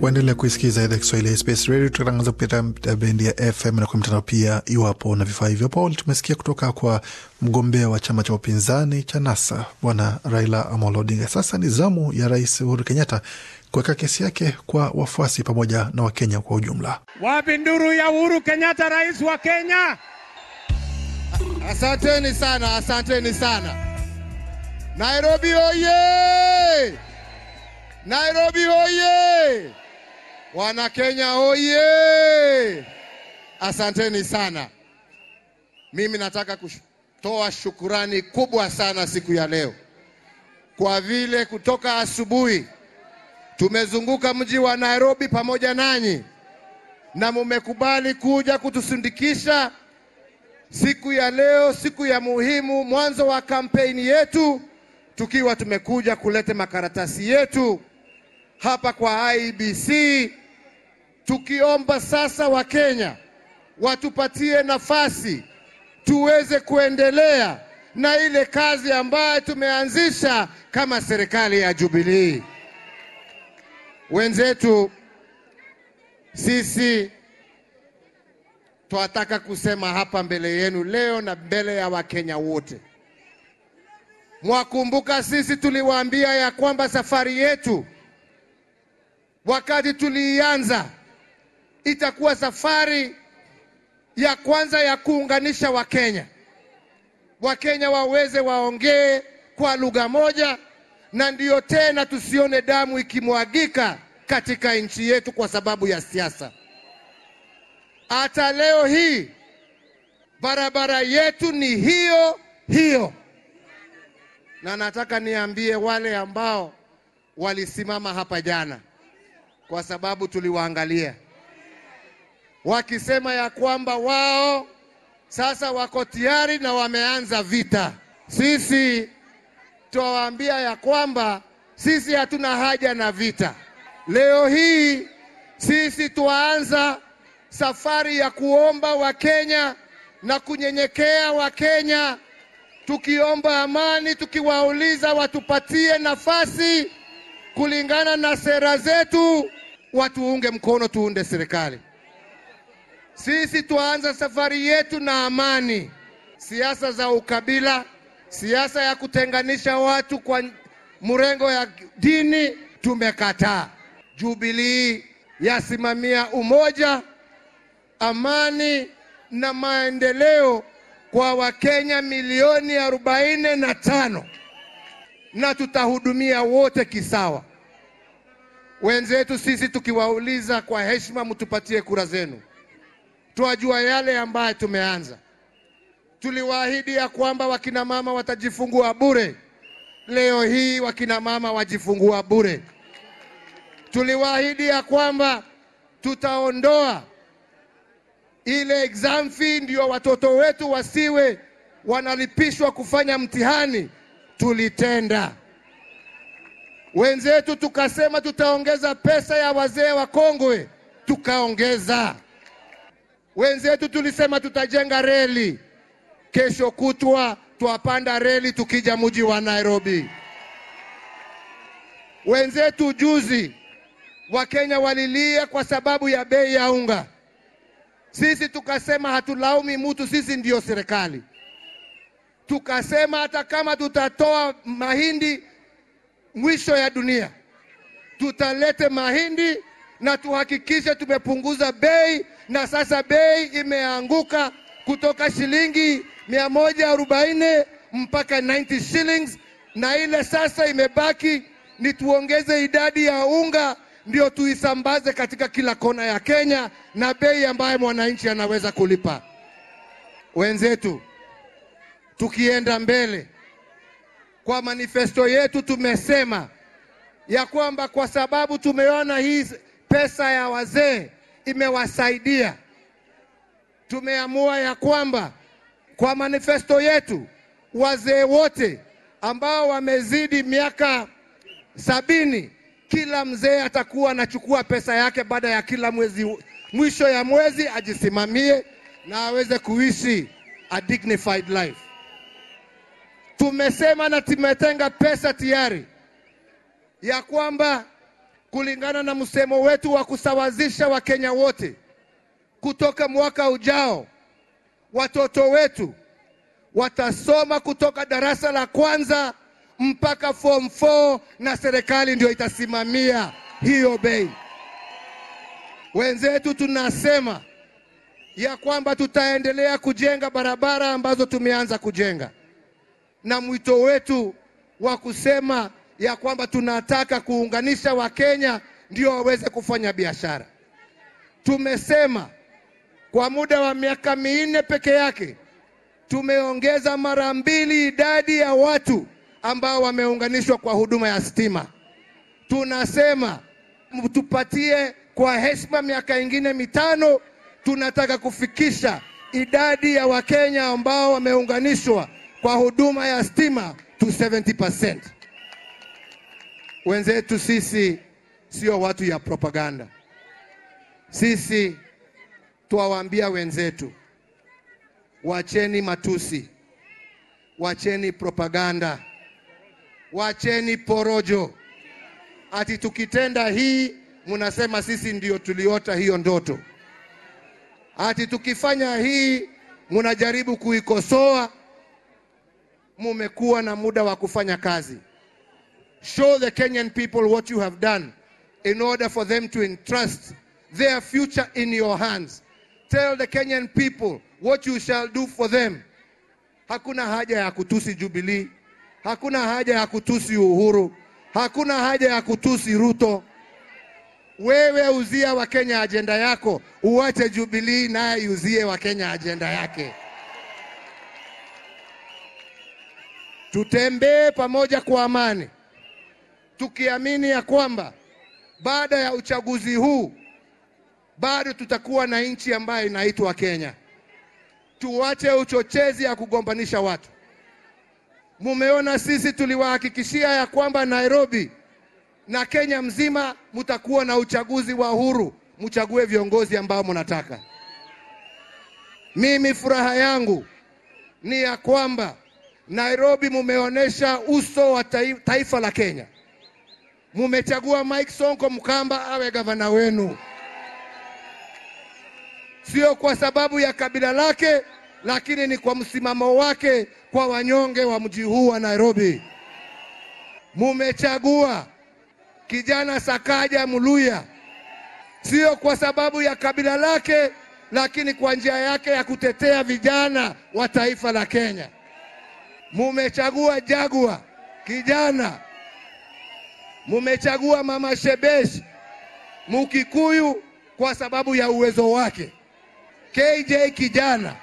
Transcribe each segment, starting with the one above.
waendelea kuisikiza idhaa Kiswahili ya SBS Radio tukitangaza kupitia bendi ya FM na kwa mitandao pia, iwapo na vifaa hivyo. Paul, tumesikia kutoka kwa mgombea wa chama cha upinzani cha NASA Bwana Raila Amolo Odinga. Sasa ni zamu ya Rais Uhuru Kenyatta kuweka kesi yake kwa wafuasi pamoja na Wakenya kwa ujumla. Wapi nduru ya Uhuru Kenyatta, rais wa Kenya? Asanteni sana, asanteni sana. Nairobi oye! Nairobi oye! Wanakenya oye! Asanteni sana. Mimi nataka kutoa shukurani kubwa sana siku ya leo, kwa vile kutoka asubuhi tumezunguka mji wa Nairobi pamoja nanyi na mumekubali kuja kutusindikisha siku ya leo, siku ya muhimu, mwanzo wa kampeni yetu, tukiwa tumekuja kuleta makaratasi yetu hapa kwa IEBC tukiomba sasa Wakenya watupatie nafasi tuweze kuendelea na ile kazi ambayo tumeanzisha kama serikali ya Jubilee. Wenzetu, sisi twataka kusema hapa mbele yenu leo na mbele ya Wakenya wote, mwakumbuka sisi tuliwaambia ya kwamba safari yetu wakati tuliianza itakuwa safari ya kwanza ya kuunganisha Wakenya. Wakenya waweze waongee kwa lugha moja, na ndiyo tena tusione damu ikimwagika katika nchi yetu kwa sababu ya siasa. Hata leo hii barabara yetu ni hiyo hiyo, na nataka niambie wale ambao walisimama hapa jana, kwa sababu tuliwaangalia wakisema ya kwamba wao sasa wako tayari na wameanza vita. Sisi tutawaambia ya kwamba sisi hatuna haja na vita. Leo hii sisi tuanza safari ya kuomba Wakenya na kunyenyekea Wakenya, tukiomba amani, tukiwauliza watupatie nafasi kulingana na sera zetu, watuunge mkono, tuunde serikali. Sisi tuanza safari yetu na amani. Siasa za ukabila, siasa ya kutenganisha watu kwa mrengo ya dini tumekataa. Jubilii yasimamia umoja, amani na maendeleo kwa Wakenya milioni arobaini na tano na tutahudumia wote kisawa. Wenzetu sisi tukiwauliza kwa heshima, mtupatie kura zenu twajua yale ambayo tumeanza. Tuliwaahidi ya kwamba wakina mama watajifungua bure. Leo hii wakina mama wajifungua bure. Tuliwaahidi ya kwamba tutaondoa ile exam fee, ndio watoto wetu wasiwe wanalipishwa kufanya mtihani. Tulitenda. Wenzetu tukasema tutaongeza pesa ya wazee wakongwe, tukaongeza. Wenzetu tulisema tutajenga reli, kesho kutwa twapanda reli tukija mji wa Nairobi. Wenzetu juzi Wakenya walilia kwa sababu ya bei ya unga. Sisi tukasema hatulaumi mtu, sisi ndiyo serikali. Tukasema hata kama tutatoa mahindi mwisho ya dunia, tutalete mahindi na tuhakikishe tumepunguza bei na sasa bei imeanguka kutoka shilingi 140 mpaka 90 shillings, na ile sasa imebaki ni tuongeze idadi ya unga ndio tuisambaze katika kila kona ya Kenya na bei ambayo mwananchi anaweza kulipa. Wenzetu, tukienda mbele kwa manifesto yetu tumesema ya kwamba kwa sababu tumeona hii pesa ya wazee imewasaidia. Tumeamua ya kwamba kwa manifesto yetu wazee wote ambao wamezidi miaka sabini, kila mzee atakuwa anachukua pesa yake baada ya kila mwezi, mwisho ya mwezi ajisimamie na aweze kuishi a dignified life. Tumesema na tumetenga pesa tayari ya kwamba kulingana na msemo wetu wa kusawazisha Wakenya wote kutoka mwaka ujao watoto wetu watasoma kutoka darasa la kwanza mpaka form 4 na serikali ndio itasimamia hiyo bei. Wenzetu tunasema ya kwamba tutaendelea kujenga barabara ambazo tumeanza kujenga, na mwito wetu wa kusema ya kwamba tunataka kuunganisha Wakenya ndio waweze kufanya biashara. Tumesema kwa muda wa miaka minne peke yake tumeongeza mara mbili idadi ya watu ambao wameunganishwa kwa huduma ya stima. Tunasema mtupatie kwa heshima miaka ingine mitano, tunataka kufikisha idadi ya Wakenya ambao wameunganishwa kwa huduma ya stima to 70%. Wenzetu sisi sio watu ya propaganda. Sisi tuwaambia wenzetu, wacheni matusi, wacheni propaganda, wacheni porojo. Ati tukitenda hii mnasema sisi ndio tuliota hiyo ndoto, ati tukifanya hii mnajaribu kuikosoa. Mumekuwa na muda wa kufanya kazi. Show the Kenyan people what you have done in order for them to entrust their future in your hands. Tell the Kenyan people what you shall do for them. Hakuna haja ya kutusi Jubilee, hakuna haja ya kutusi Uhuru, hakuna haja ya kutusi Ruto. Wewe uzia wa kenya ajenda yako, uache Jubilee naye wa kenya ajenda yake. Tutembee pamoja kwa amani tukiamini ya kwamba baada ya uchaguzi huu bado tutakuwa na nchi ambayo inaitwa Kenya. Tuwache uchochezi ya kugombanisha watu. Mumeona sisi tuliwahakikishia ya kwamba Nairobi na Kenya mzima mutakuwa na uchaguzi wa huru, mchague viongozi ambao mnataka. Mimi furaha yangu ni ya kwamba Nairobi mumeonyesha uso wa taifa la Kenya mumechagua Mike Sonko Mkamba awe gavana wenu, sio kwa sababu ya kabila lake, lakini ni kwa msimamo wake kwa wanyonge wa mji huu wa Nairobi. Mumechagua kijana Sakaja Muluya sio kwa sababu ya kabila lake, lakini kwa njia yake ya kutetea vijana wa taifa la Kenya. Mumechagua Jagua kijana Mumechagua Mama Shebesh Mukikuyu kwa sababu ya uwezo wake. KJ kijana,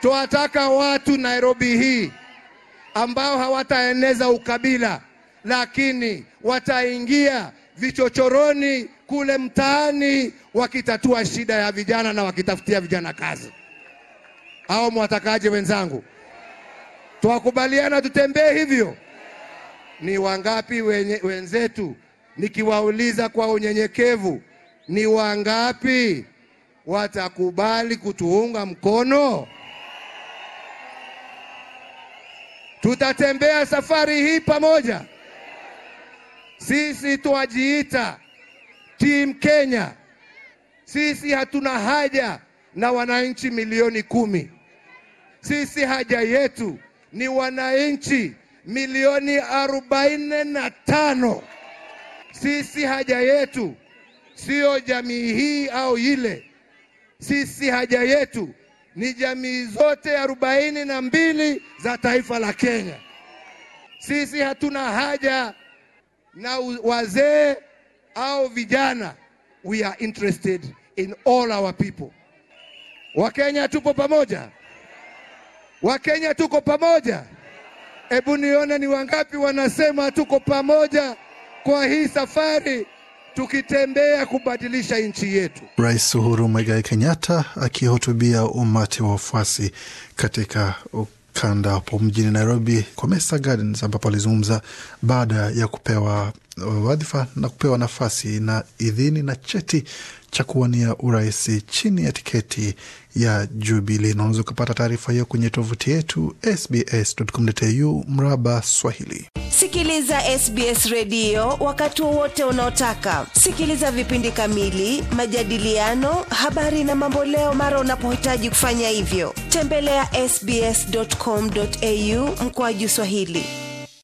twataka watu Nairobi hii ambao hawataeneza ukabila, lakini wataingia vichochoroni kule mtaani wakitatua shida ya vijana na wakitafutia vijana kazi. Hao mwatakaje wenzangu? Twakubaliana tutembee hivyo? Ni wangapi wenye, wenzetu nikiwauliza kwa unyenyekevu, ni wangapi watakubali kutuunga mkono? Tutatembea safari hii pamoja. Sisi twajiita Team Kenya. Sisi hatuna haja na wananchi milioni kumi. Sisi haja yetu ni wananchi milioni arobaini na tano. Sisi haja yetu siyo jamii hii au ile, sisi haja yetu ni jamii zote arobaini na mbili za taifa la Kenya. Sisi hatuna haja na wazee au vijana, we are interested in all our people. Wakenya tupo pamoja, Wakenya tuko pamoja. Hebu nione ni wangapi wanasema tuko pamoja kwa hii safari tukitembea kubadilisha nchi yetu. Rais Uhuru Mwigai Kenyatta akihutubia umati wa wafuasi katika ukanda hapo mjini Nairobi, Mesa Gardens, ambapo alizungumza baada ya kupewa uh, wadhifa na kupewa nafasi na idhini na cheti cha kuwania urais chini ya tiketi ya Jubili, na unaweza ukapata taarifa hiyo kwenye tovuti yetu sbs.com.au mraba Swahili. Sikiliza SBS redio wakati wowote unaotaka. Sikiliza vipindi kamili, majadiliano, habari na mamboleo mara unapohitaji kufanya hivyo. Tembelea sbs.com.au mkoaju Swahili.